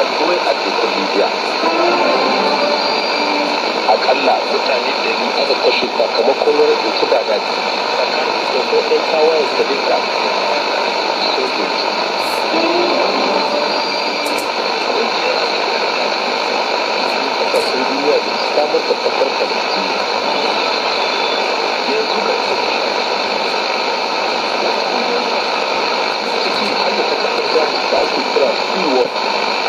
are a at libya media akalla mutane da ni aka kashe sakamakon wani ɗauki da ko ɗan duka duniya da su samar da yanzu ga ciki da ake kira free